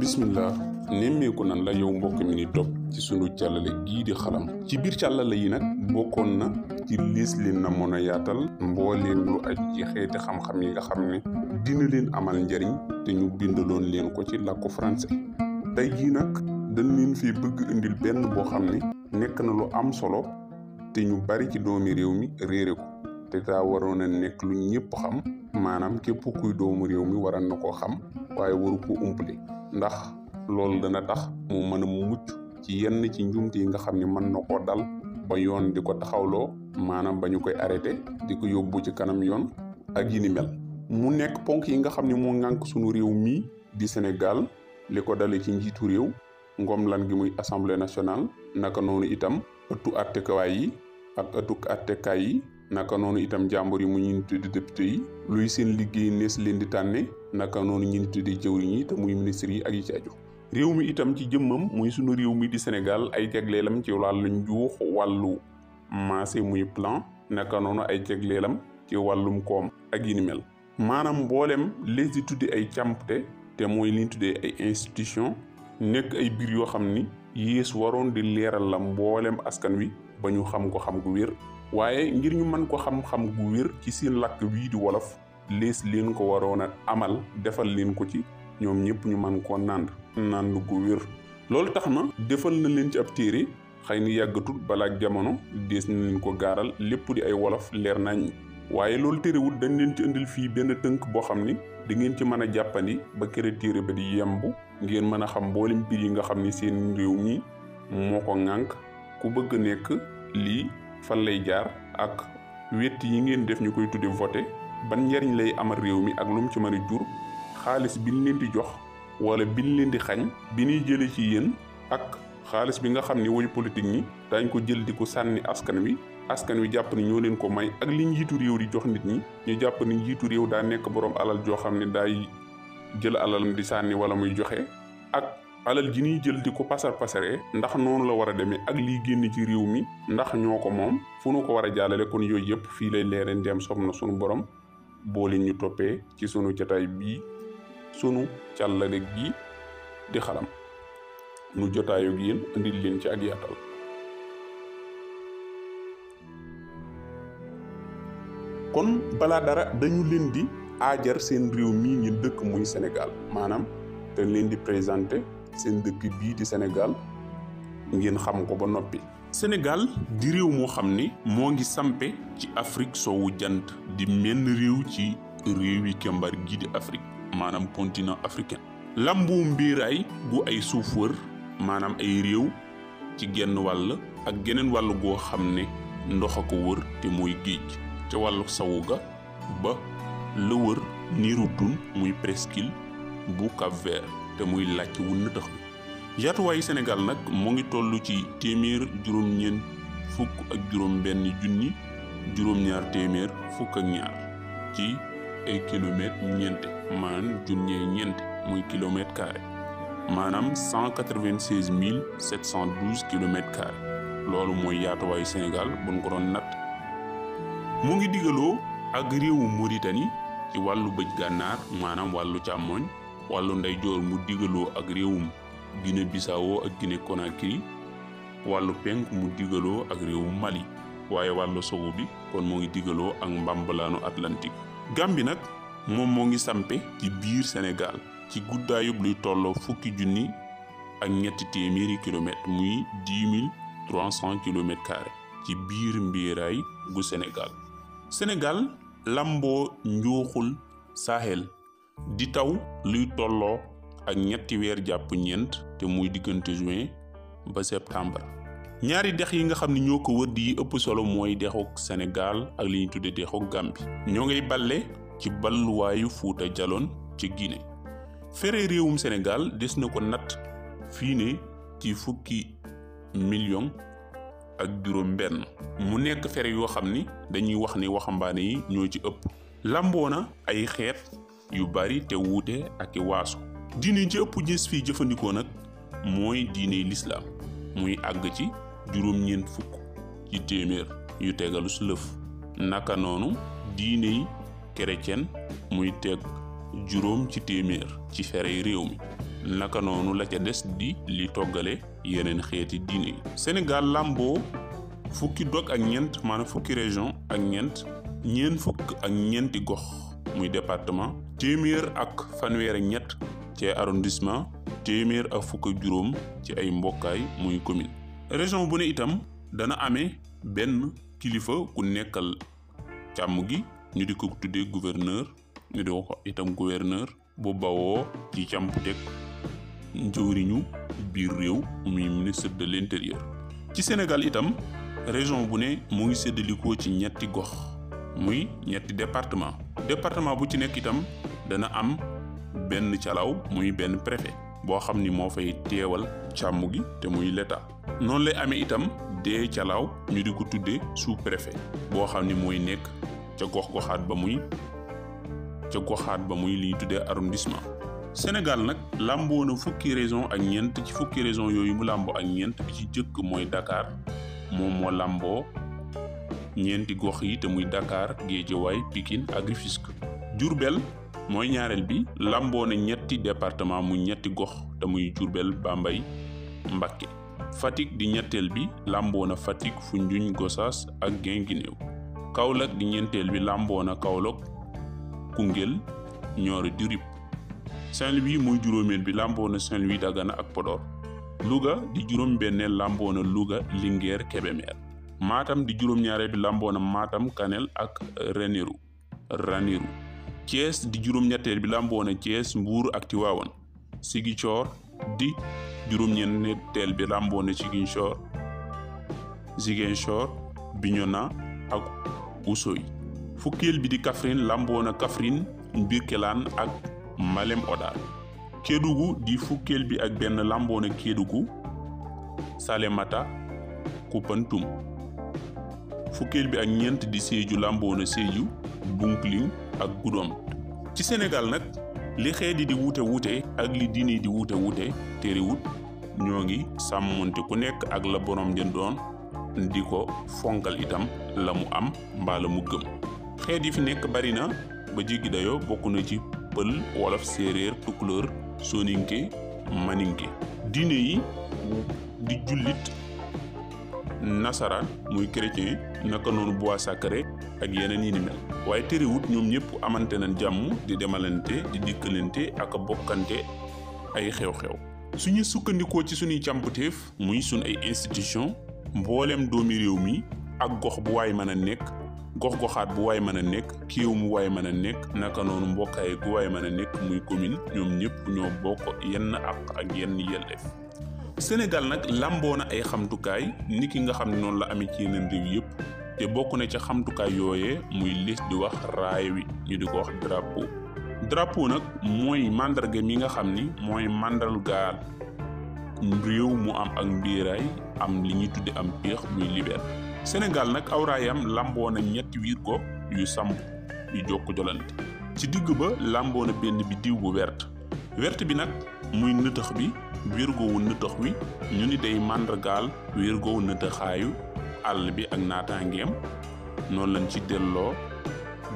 bismillah nemmeeku nan la yow mbokk mi ni topp ci sunu càllale gii di xalam ci biir càllale yi nag bokkoon na ci liis leen na mën a yaatal mbooleem lu aj ci xeeti xam-xam yi nga xam ne dina leen amal njariñ te ñu bindaloon leen ko ci làkku français tey jii nag dañ leen fi bëgg indil benn boo xam ne nekk na lu am solo te ñu bari ci doomi réew mi réere ko te daa waroon a nekk lu ñëpp xam maanaam képp kuy doomu réew mi waral na koo xam waaye waru ko umpale ndax loolu dana tax mu mën a mucc ci yenn ci njuumte yi nga xam ne mën na koo dal ba yoon di ko taxawloo maanaam bañu koy arrêté di ko yóbbu ci kanam yoon ak yi mel mu nekk ponk yi nga xam ne moo ŋànk sunu réew mii di Sénégal li ko dale ci njiitu réew ngoom lan gi muy assemblée nationale naka noonu itam ëttu attekaay yi ak ëttuk attekaay yi naka noonu itam jàmbur yi mu ñu tuddi député yi luy seen liggéey nees leen di tànne naka noonu ñu tuddi jëwriñ yi te muy ministre yi ak yi ci aju réew mi itam ci jëmmam muy sunu réew mi di Sénégal ay jagleelam ci wàllu njuux wàllu masé muy plan naka noonu ay jagleelam ci wàllum koom ak yi ni mel maanaam mboolem les di tuddi ay càmpte te mooy li ñu tuddee ay institution nekk ay biir yoo xam ni yées waroon di leeral la mboolem askan wi ba ñu xam ko xam gu wér waaye ngir ñu mën ko xam-xam gu wér ci seen làkk wii di wolof lees leen ko waroon a amal defal leen ko ci ñoom ñëpp ñu mën koo nànd nànd gu wér loolu tax na defal na leen ci ab téere xëy na yàggatul balaa jamono dees na leen ko gaaral lépp di ay wolof leer nañ waaye loolu téerewut dañ leen ci indil fii benn tënk boo xam ni di ngeen ci mën a jàppandi ba kere téere ba di yembu ngeen mën a xam mboolem mbir yi nga xam ni seen réew mi moo ko ŋànk ku bëgg nekk lii fan lay jaar ak wet yi ngeen def ñu koy tudde voté ban njariñ lay amal réew mi ak lu mu ci mën a jur xaalis biñ leen di jox wala biñ leen di xañ bi ñuy jële ci yéen ak xaalis bi nga xam ni woyu politique ñi daañ ko jël di ko sànni askan wi askan wi jàpp ni ñoo leen ko may ak li njiitu réew di jox nit ñi ñu jàpp ni njiitu réew daa nekk boroom alal joo xam ne daay jël alalam di sànni wala muy joxe ak alal ji ñuy jël di ko pasar pasare ndax noonu la war a demee ak lii génne ci réew mi ndax ñoo ko moom fu nu ko war a jàllale kon yooyu yëpp fii lay leereen dem sob na sunu borom boole ñu toppee ci sunu jotaay bii sunu càllale gi di xalam nu jotaayu gi yéen indil leen ci ak yaatal kon balaa dara dañu leen di aajar seen réew mii ñu dëkk muy Sénégal maanaam dañ leen di présenté seen dëkk bii di senegal ngeen xam ko ba noppi. senegal di réew moo xam ne moo ngi sampe ci Afrique sowu jant di menn réew ci réew yi kembar gi di Afrique maanaam continent africain. lamboo mbiiraay gu ay suuf wër maanaam ay réew ci genn wàll ak geneen wàll goo xam ne ndox a ko wër te mooy géej ca wàllu sawu ga ba la wër niiru tun muy presqu'île bu Cap-Vert te muy làcc wun na tax bi yaatuwaayu Sénégal nag mu ngi tollu ci téeméer juróom-ñeent fukk ak juróom-benn junni juróom-ñaar téeméer fukk ak ñaar ci ay kilomètres ñeente maanaam junnee ñeente muy kilomètre carré maanaam cent quatre-vingt-seize mille sept cent douze loolu mooy yaatuwaayu Sénégal buñ ko doon natt mu ngi digaloo ak réewu Mauritanie ci wàllu bëj gànnaar maanaam wàllu càmmooñ wàllu ndeyjoor mu digaloo ak réewum Guinée Bissau ak Guinée Conakry wàllu penk mu digaloo ak réewum Mali waaye wàllu sowu bi kon moo ngi digaloo ak mbambalaanu Atlantique. Gàmbi nag moom moo ngi sampe ci biir Sénégal ci guddaayub luy tolloo fukki junni ak ñetti téeméeri kilomètres muy dix mille trois cent ci biir mbiiraay gu Sénégal. Sénégal lamboo njuuxul Sahel. di taw luy tolloo ak ñetti weer jàpp ñeent te muy diggante juin ba septembre ñaari dex yi nga xam ni ñoo ko wër di ëpp solo mooy dexuk senegal ak li ñu tudde dexuk Gambie ñoo ngay balle ci balluwaayu Fuuta Jaloon ci Guinée fere réewum Sénégal des na ko natt fii ne ci fukki million ak juróom benn mu nekk fere yoo xam ni dañuy wax ni waxambaane yi ñoo ci ëpp lamboo ay xeet yu bari te wuute ak i waaso diine ji jëfandikoo nag mooy diiney lislaam muy àgg ci juróom-ñeent fukk ci téeméer yu tegalu su lëf naka noonu diiney chrétien muy teg juróom ci téeméer ci ferey réew mi naka noonu la ca des di li toggale yeneen xeeti diine yi Sénégal làmboo fukki dog ak ñeent maanaam fukki région ak ñeent ñeent fukk ak ñeenti gox muy département téeméer ak fanweer ñett ci arrondissement téeméer ak fukk juróom ci ay mbokkaay muy commune région bu ne itam dana amee benn kilifa ku nekkal càmm gi ñu di ko tuddee gouverneur ñu di ko itam gouverneur bu bawoo ci càmputeeg njëwriñu biir réew muy ministre de l'intérieur ci Sénégal itam région bu ne mu ngi séddalikoo ci ñetti gox muy ñetti département département bu ci nekk itam dana am benn calaw muy benn préfet boo xam ni moo fay teewal càmm gi te muy l'état noonu lay amee itam dee calaaw ñu di ko tuddee sous préfet boo xam ni mooy nekk ca gox goxaat ba muy ca goxaat ba muy li ñu tuddee arrondissement Sénégal nag làmboo fukki région ak ñeent ci fukki région yooyu mu làmboo ak ñeent bi ci jëkk mooy dakaar moom moo làmboo ñeenti gox yi te muy Dakar Géejawaay Pikine ak Rufisque mooy ñaareel bi lamboo na ñetti département mu ñetti gox te muy Diourbel Bambey Mbacké Fatick di ñetteel bi lamboo na Fatick Foundiougne Gossas ak Guinguinéo Kaolack di ñeenteel bi lamboo na Kaolack Koungheul Nioro di Rip Saint-Louis muy juróomeel bi lamboo na Saint-Louis Dagana ak Podor Louga di juróom benneel lamboo na Louga Linguère Kébémer maatam di juróom-ñaareelu làmboona Matam Kanel ak Ranérou Ranérou Thiès di juróom-ñetteel bi làmboona Thiès mbuur ak Tivaouane Ziguinchor di juróom-ñeenteel bi làmboona Ziguinchor Ziguinchor Bignona ak Oussouye fukkeel bi di kafrin làmboona Kaffrine Birkelane ak Malem Hodar Kédougou di fukkeel bi ak benn làmboona Kédougou Salemata Koupantoum fukkeel bi ak ñeent di Sédhiou làmboo na Sédhiou Bounkiling ak Goudomp ci Sénégal nag li xeet yi di wuute wuute ak li diine yi di wuute wuute terewut ñoo ngi sàmmonte ku nekk ak la boroom jën doon di ko fonkal itam la mu am mbaa mu gëm xeet yi fi nekk bari na ba jéggi dayoo bokk na ci pël wolof séeréer tukulóor soninke maninke diine yi di jullit nasaraan muy chrétien naka noonu bois sacré ak yeneen yi ni mel waaye terewut ñoom ñëpp amante nañ jàmm di demalante di dikkalante ak bokkante ay xew-xew suñu sukkandikoo ci suñuy càmputeef muy suñ ay institution mbooleem doomi réew mi ak gox bu waaye mën a nekk gox-goxaat bu waay mën a nekk kiiw mu waay mën a nekk naka noonu mbokkaay gu waay mën a nekk muy commune ñoom ñëpp ñoo bokk yenn àq ak yenn yelleef Sénégal nag lamboo na ay xamtukaay ni ki nga xam ne noonu la amee ci yeneen réew yëpp te bokk na ci xamtukaay yooyee muy liis di wax raay wi ñu di ko wax drapeau drapeau nag mooy màndarga mi nga xam ni mooy màndargaal réew mu am ak mbiiraay am li ñuy tudde am péex muy libère Sénégal nag awraayam raayam lamboo na ñetti wiir ko yu samp yu jokk jolante ci digg ba lamboo na benn biddiw bu wert wert bi nag muy nëtëx bi wérgowu nëtëx wi ñu ni day màndargaal wérgowu nëtëxaayu àll bi ak naataangeem noonu lañ ci delloo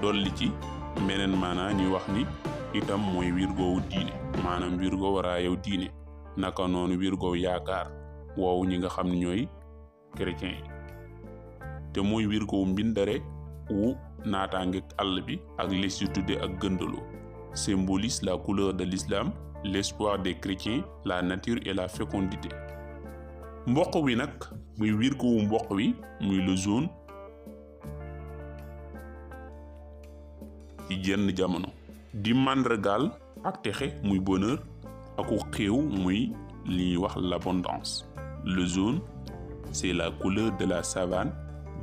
dolli ci meneen maanaa ñuy wax ni itam mooy wérgowu diine maanaam wérgow waraayow diine naka noonu wérgow yaakaar woowu ñi nga xam ne ñooy chrétien yi te mooy wirgowu mbindare wu naataangeeg àll bi ak les tudde ak gëndaloo symbolise la couleur de l'islam l'espoir des chrétiens la nature et la fécondité mboq wi nag muy wiir ko mboq wi muy le jaune ci jamono di màndargaal ak texe muy bonheur aku xéew muy li ñuy wax l'abondance le jaune c'est la couleur de la savane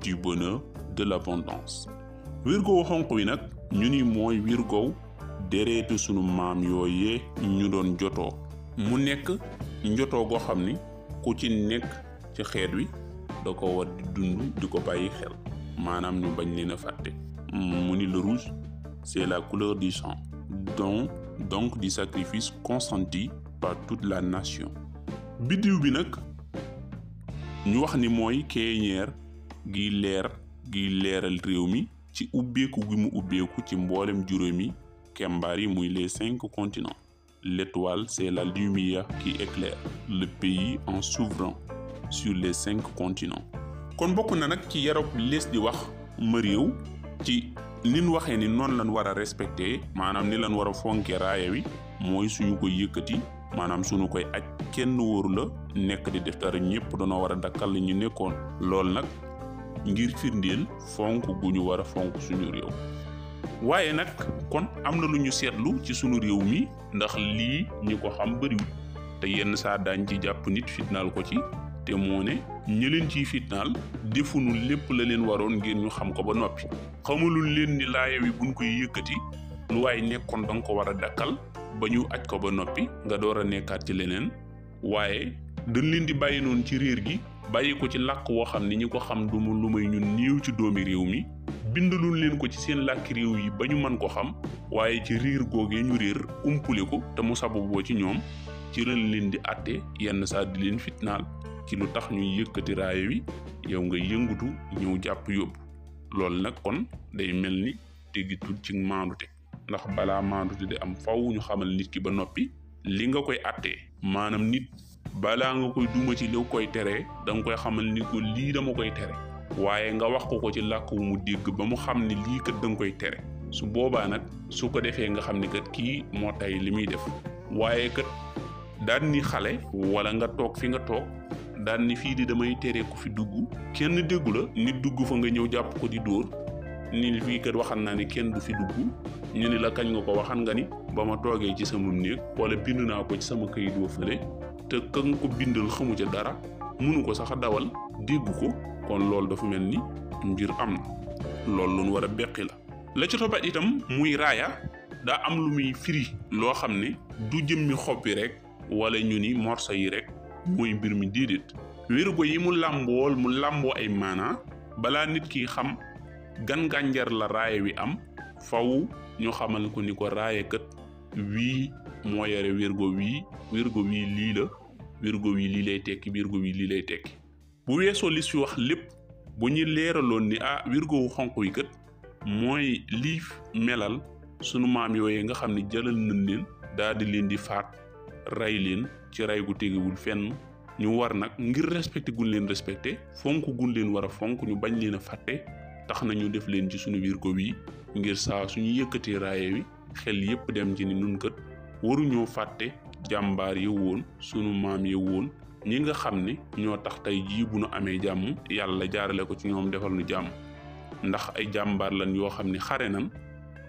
du bonheur de l'abondance wiir xonq wi nag ñu ni mooy wiir déretu sunu maam yooyee ñu doon jotoo mu nekk njotoo goo xam ni ku ci nekk ci xeet wi da ko war di dund di ko bàyyi xel maanaam ñu bañ leen fàtte mu ni le rouge c'est la couleur du sang donc di du sacrifice consenti par toute la nation biddiw bi nag ñu wax ni mooy keeñeer gi leer gi leeral réew mi ci ubbeeku gi mu ubbeeku ci mboolem juróomi Kembari muy les cinq continents. L'étoile, c'est la lumière qui éclaire le pays en s'ouvrant sur les cinq continents. kon bokk na nag ci yarab lees di wax ma réew ci ni ñu waxee ni noonu lañ war a respecté maanaam ni lañ war a fonke raaya wi mooy suñu ko yëkkati maanaam suñu koy aj kenn wóoru la nekk di def dara ñëpp danoo war a dakkal ñu nekkoon loolu nag ngir firndeel fonk gu ñu war a fonk suñu réew waaye nag kon am na lu ñu seetlu ci sunu réew mi ndax lii ñu ko xam bëriwul te yenn saa daañ ci jàpp nit fitnaal ko ci te moo ne ñi leen ciy fitnaal defunu lépp la leen waroon ngir ñu xam ko ba noppi xamulu leen ni laaya wi buñ koy yëkkati lu waaye nekkoon da ko war a dakkal ba ñu aj ko ba noppi nga door a nekkaat ci leneen waaye dañ leen di bàyyi noonu ci réer gi bàyyi ko ci làkk woo xam ni ñi ko xam du mu lu may ñun néew ci doomi réew mi bindaloon leen ko ci seen làkki réew yi ba ñu mën ko xam waaye ci riir googee ñu réer umpule ko te mu sababoo ci ñoom ci ren leen di àtte yenn sa di leen fitnaal ci lu tax ñuy yëkkati raaya wi yow nga yëngutu ñëw jàpp yóbbu loolu nag kon day mel ni déggitul ci maandute ndax balaa maandute di am faw ñu xamal nit ki ba noppi li nga koy àttee maanaam nit balaa nga koy duma ci li koy tere da koy xamal ni ko lii dama koy tere waaye nga wax ko ko ci làkk wu mu dégg ba mu xam ni lii kat da koy tere su boobaa nag su ko defee nga xam ni kat kii moo tay li muy def waaye kët daan ni xale wala nga toog fi nga toog daan ni fii di damay tere ku fi dugg kenn déggu la nit dugg fa nga ñëw jàpp ko di dóor ni fii kat waxan naa ni kenn du fi dugg ñu ni la kañ nga ko waxan nga ni ba ma toogee ci sama néeg wala bind naa ko ci sama këyit wa fële te ka nga ko bindal xamu ca dara mënu ko sax a dawal dégg ko kon loolu dafa mel ni mbir am na loolu lu war a beqi la la ci toppat itam muy raaya daa am lu muy firi loo xam ne du jëmmi xob bi rek walla ñu ni morso yi rekk mooy mbir mi déedéet wérugo yi mu làmbool mu làmboo ay maanaa balaa nit ki xam gan gànjar la raaya wi am faw ñu xamal ko ni ko raaya kat wii moo yore wirgo wii wirgo wii lii la wirgo wii lii lay tekki wirgo wii lii lay tekki bu weesoo li si wax lépp bu ñu leeraloon ni ah wirgo wu xonq wi kat mooy lii melal sunu maam yooyu nga xam ne jëlal nañ leen daal di leen di faat rey leen ci rey gu tegewul fenn ñu war nag ngir respecté gun leen respecté fonk gun leen war a fonk ñu bañ leen a fàtte tax nañu def leen ci sunu wirgo wi ngir saa suñu yëkkatee raaye wi xel yépp dem ci ni nun kat waruñoo fàtte jàmbaar ya woon sunu maam ya woon ñi nga xam ne ñoo tax tey jii bu nu amee jàmm yàlla jaarale ko ci ñoom defal nu jàmm ndax ay jàmbaar lan yoo xam ne xare nan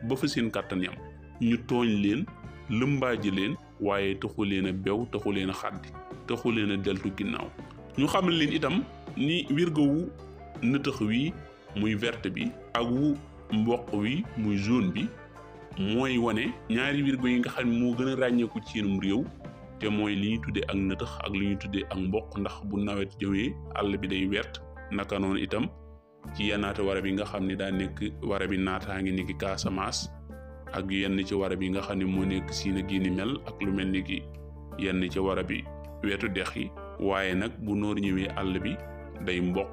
ba fa seen kàttan yam ñu tooñ leen lëmbaaji leen waaye taxu leen a bew taxu leen a xàddi taxu leen a deltu ginnaaw ñu xam leen itam ni wirga wu nëtëx wi muy verte bi ak wu mboq wi muy jaune bi mooy wane ñaari wirgo yi nga xam ne moo gën ràññeeku ci yéenum réew te mooy li ñuy tuddee ak nëtëx ak li ñuy tuddee ak mboq ndax bu nawet jëwee àll bi day wert naka noonu itam ci yennaate warab yi nga xam ne daa nekk warab yi naataange ni ki Casamance ak yenn ci warab yi nga xam ne moo nekk Sine ak yi mel ak lu mel ni ki yenn ci warab yi wetu dex yi waaye nag bu noor ñëwee àll bi day mboq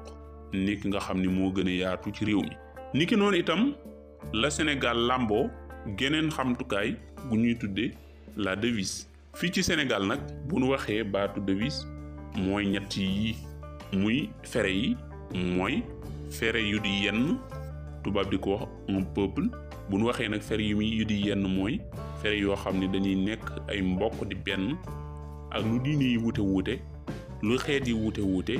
nit nga xam ni moo gën a yaatu ci réew mi niki noonu itam la Sénégal làmboo geneen xamtukaay bu ñuy tuddee la devise fii ci senegal nag bu nu waxee baatu devise mooy ñett yi muy fere yi mooy fere yu di yenn tubaab di ko wax bu nu waxee nag fere yu muy yu di yenn mooy fere yoo xam ne dañuy nekk ay mbokk di benn ak lu diine yi wuute wuute lu xeet yi wuute wuute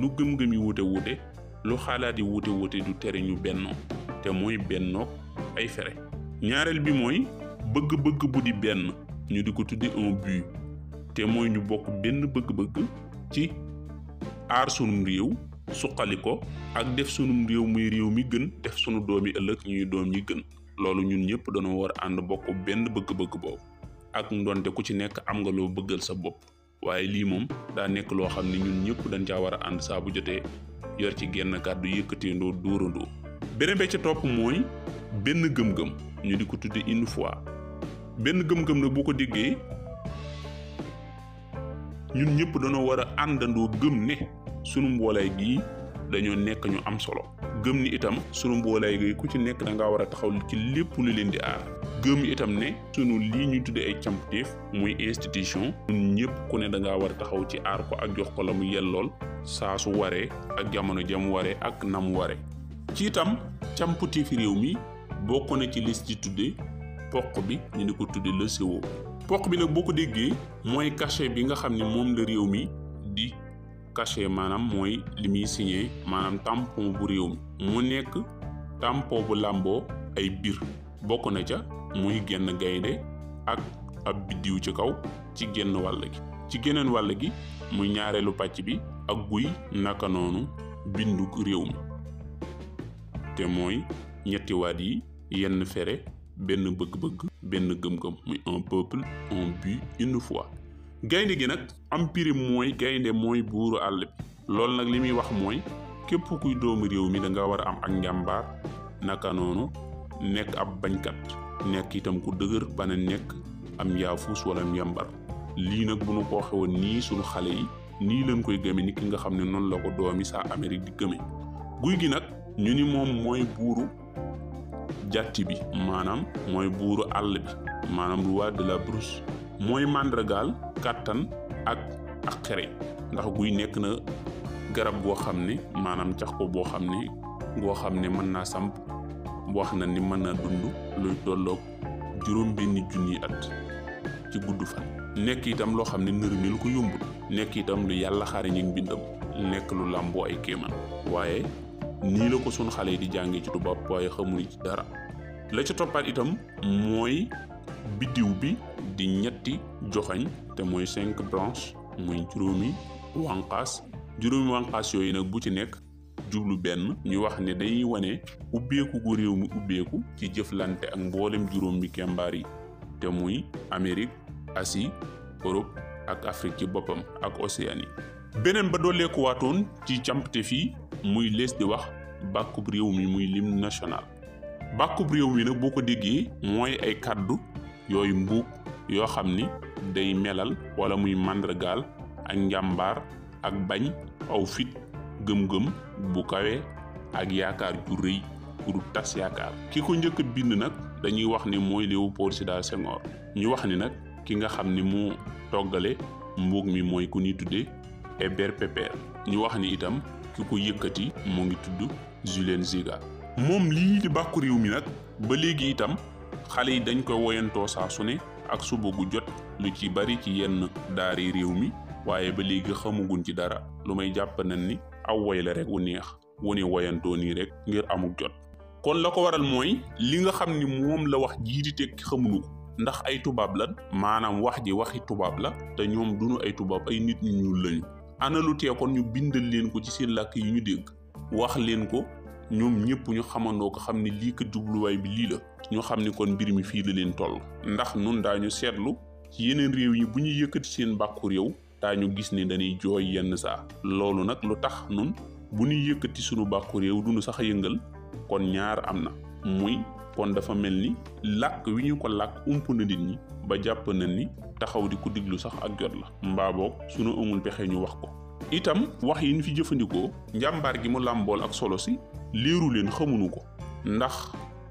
lu gëm-gëm yi wuute wuute lu xalaat yi wuute wuute du tere ñu bennoo te mooy bennoog ay fere ñaareel bi mooy bëgg-bëgg bu di benn ñu di ko tudde un but te mooy ñu bokk benn bëgg-bëgg ci aar sunum réew suqali ko ak def sunum réew muy réew mi gën def sunu doomi ëllëg ñuy doom yi gën loolu ñun ñëpp dañoo war a ànd bokk benn bëgg-bëgg boobu ak ndonte ku ci nekk am nga loo bëggal sa bopp waaye lii moom daa nekk loo xam ne ñun ñëpp dañ caa war a ànd saa bu jotee yor ci genn kàddu yëkkateendoo dóorandoo beneen bi ca topp mooy benn gëm-gëm ñu di ko tuddee une fois benn gëm-gëm na boo ko déggee ñun ñëpp dañoo war a àndandoo gëm ne sunu mboolaay gi dañoo nekk ñu am solo gëm ni itam sunu mboolaay gi ku ci nekk da ngaa war a taxaw ci lépp lu leen di aar gëm itam ne sunu lii ñuy tuddee ay càmputeef muy institution ñun ñëpp ku ne da ngaa war a taxaw ci aar ko ak jox ko la mu yellool saa su waree ak jamono jam waree ak nam waree ci itam càmputeefi réew mi. bokk na ci lis ci tuddee poq bi ñu di ko tuddee le CO poq bi nag boo ko déggee mooy cachet bi nga xam ne moom la réew mi di cachet maanaam mooy li muy signé maanaam tampon bu réew mi mu nekk tampon bu làmboo ay biir bokk na ca muy genn gaynde ak ab biddiw ci kaw ci genn wàll gi ci geneen wàll gi muy ñaareelu pàcc bi ak guy naka noonu bindu réew mi te mooy ñetti waat yi yenn fere benn bëgg benn gëm-gëm muy un peuple gaynde gi nag am empire mooy gaynde mooy buuru àll bi loolu nag li muy wax mooy képp kuy doomu réew mi danga war a am ak njàmbaar naka noonu nekk ab bañkat nekk itam ku dëgër ba nekk am yaafus wala njàmbar lii nag bu nu ko xewoon nii sunu xale yi nii leen koy gëme ni ki nga xam ne noonu la ko doomi saa Amérique di gëme guy gi nag ñu ni moom mooy buuru jàtti bi maanaam mooy buuru àll bi maanaam roi de la brousse mooy màndargaal kàttan ak ak xere ndax guy nekk na garab goo xam ne maanaam cax ko boo xam ne goo xam ne mën naa samp wax na ni mën naa dund luy tolloog juróom benni junni at ci gudd fan nekk itam loo xam ne nërmil ko yombul nekk itam lu yàlla xaari ñu bindam nekk lu làmboo ay kéemaan waaye nii la ko sunu xale yi di jàngee ci tubaab waaye xamuñu ci dara la ca toppaat itam mooy biddiw bi di ñetti joxañ te mooy cinq branches muy juróomi wànqaas juróomi wànqaas nag bu ci nekk jublu benn ñu wax ne day wane ubbeeku gu réew mi ubbeeku ci jëflante ak mboolem juróom yi te muy Amérique Asie Europe ak Afrique ci boppam ak Océanie beneen ba dooleekuwaatoon ci càmpte fii muy lees di wax bàkkub réew mi muy lim national bàkkub réew mi nag boo ko déggee mooy ay kàddu yooyu mbuub yoo xam ni day melal wala muy màndargaal ak njàmbaar ak bañ aw fit gëm-gëm bu kawe ak yaakaar ju rëy pour tas yaakaar ki ko njëkk bind nag dañuy wax ni mooy Léopold Sédar Senghor ñu wax ni nag ki nga xam ni mu toggale mbuug mi mooy ku ñuy tuddee Hébert Pépère wax ni itam ki ko yëkkati mu ngi tudd Julen Ziga moom lii di bàkku réew mi nag ba léegi itam xale yi dañ koy woyantoo saa su ne ak suba gu jot lu ci bari ci yenn daari réew mi waaye ba léegi xamuguñ ci dara lu may jàpp nañ ni aw woy la rek wu neex wu ne woyantoo nii rek ngir amuk jot kon la ko waral mooy li nga xam ni moom la wax jii di tekki xamuñu ndax ay tubaab la maanaam wax ji waxi tubaab la te ñoom duñu ay tubaab ay nit ñu ñuul lañu ana lu tee ñu bindal leen ko ci seen làkk yi ñu dégg wax leen ko ñoom ñëpp ñu xamandoo ko xam ne lii kat jubluwaay bi lii la ñu xam ni kon mbir mi fii la leen toll ndax nun ñu seetlu ci yeneen réew yi bu ñuy yëkkati seen bàkku réew ñu gis ne dañuy jooy yenn saa loolu nag lu tax nun bu ñuy yëkkati sunu bàkku réew dunu sax a yëngal kon ñaar am na muy kon dafa mel ni làkk wi ñu ko làkk ump na nit ñi ba jàpp na ni taxaw di ko diglu sax ak jot la mbaa boog sunu amul pexe ñu wax ko itam wax yi ñu fi jëfandikoo njàmbaar gi mu làmbool ak solo si léeru leen xamuñu ko ndax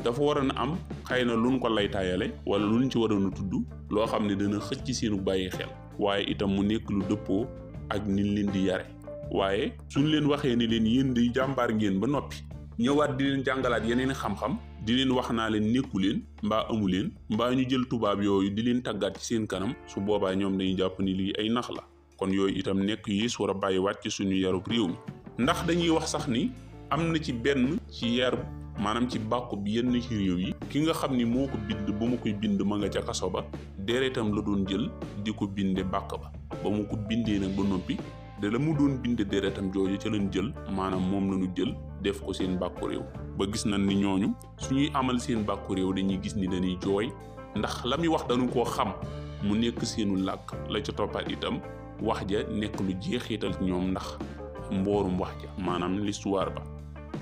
dafa waroon a am xëy na luñ ko laytaayale wala luñ ci waroon a tudd loo xam ne dana xëcc seenu bàyyi xel waaye itam mu nekk lu dëppoo ak niñ leen di yare waaye suñ leen waxee ni leen yéen di jàmbaar ngeen ba noppi ñëwaat di leen jàngalaat yeneen xam-xam di leen wax naa leen nekku leen mbaa amu leen mbaa ñu jël tubaab yooyu di leen tàggaat ci seen kanam su boobaa ñoom dañuy jàpp ni lii ay nax la kon yooyu itam nekk yées war a bàyyiwaat ci suñu yarub réew mi ndax dañuy wax sax ni am na ci benn ci yar maanaam ci bàkku bi yenn ci réew yi ki nga xam ni moo ko bind ba mu koy bind ma nga ca kaso ba deretam la doon jël di ko binde bàkk ba ba mu ko bindee nag ba noppi de la mu doon binde deretam jooju ca leen jël maanaam moom la ñu jël def ko seen bàkku réew ba gis nañ ni ñooñu suñuy amal seen bàkku réew dañuy gis ni dañuy jooy ndax la muy wax dañu koo xam mu nekk seenu làkk la ca toppaat itam wax ja nekk lu jeexital ñoom ndax mboorum wax ja maanaam l'histoire ba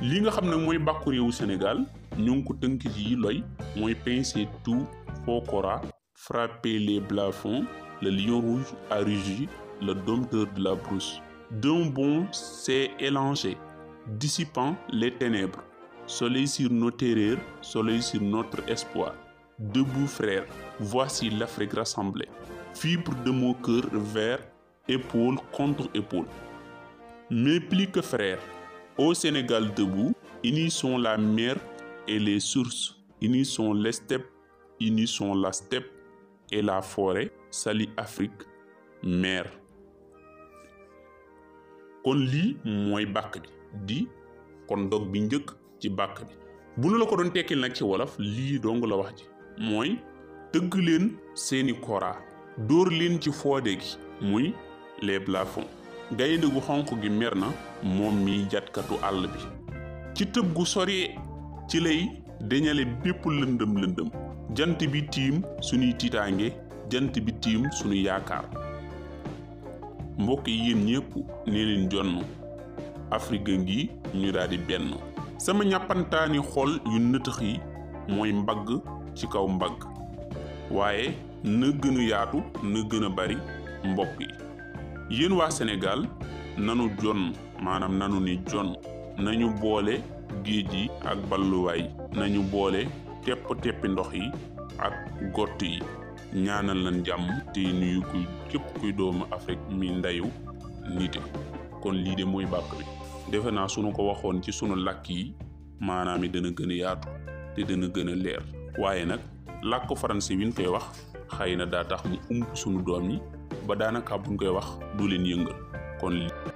li nga xam ne mooy bàkku réewu Sénégal ñu ngi ko tënk ci yi loy mooy pincez tout fokora frappez les plafonds le lion rouge a rugi le dompteur de la brousse d'un bond s'est élangé dissipant les ténèbres. Soleil sur nos terreurs, soleil sur notre espoir. Debout frères, voici l'Afrique rassemblée. Fibre de mon cœur vers épaule contre épaule. Mais plus que frères, au Sénégal debout, unissons la mer et les sources, unissons les steppes, unissons la steppe et la forêt, sali Afrique, mer. kon lii mooy bàkk di kon dog bi njëkk ci bàkk bi bu nu la ko doon tekkil nag ci wolof lii dong la wax ji mooy tëgg leen seeni kora dóor leen ci foode gi muy les plafonds gaynde gu xonq gi mer na moom mi jatkatu àll bi ci tëb gu sori ci lay deñale bépp lëndëm lëndëm jant bi tiim suñuy tiitaange jant bi tiim sunu yaakaar mbokk yi yéen ñëpp nee leen jonn Afrique ngi ñu daal benn sama ñàppantaani xol yu nëtëx yi mooy mbagg ci kaw mbagg waaye na gën yaatu na gën a bari mbokk yi yéen waa Sénégal nanu jonn maanaam nanu ni jonn nañu boole géej yi ak balluwaay nañu boole tepp teppi ndox yi ak gott yi ñaanal lan jàmm te nuyu kuy képp kuy doomu Afrique mi ndeyu nite kon lii de mooy bàkk bi defe naa sunu ko waxoon ci sunu làkk yi maanaam yi dana gën a yaatu te dana gën a leer waaye nag làkk français wi ñu koy wax xëy na daa mu ump sunu doom yi ba daanaka buñ koy wax du leen yëngal kon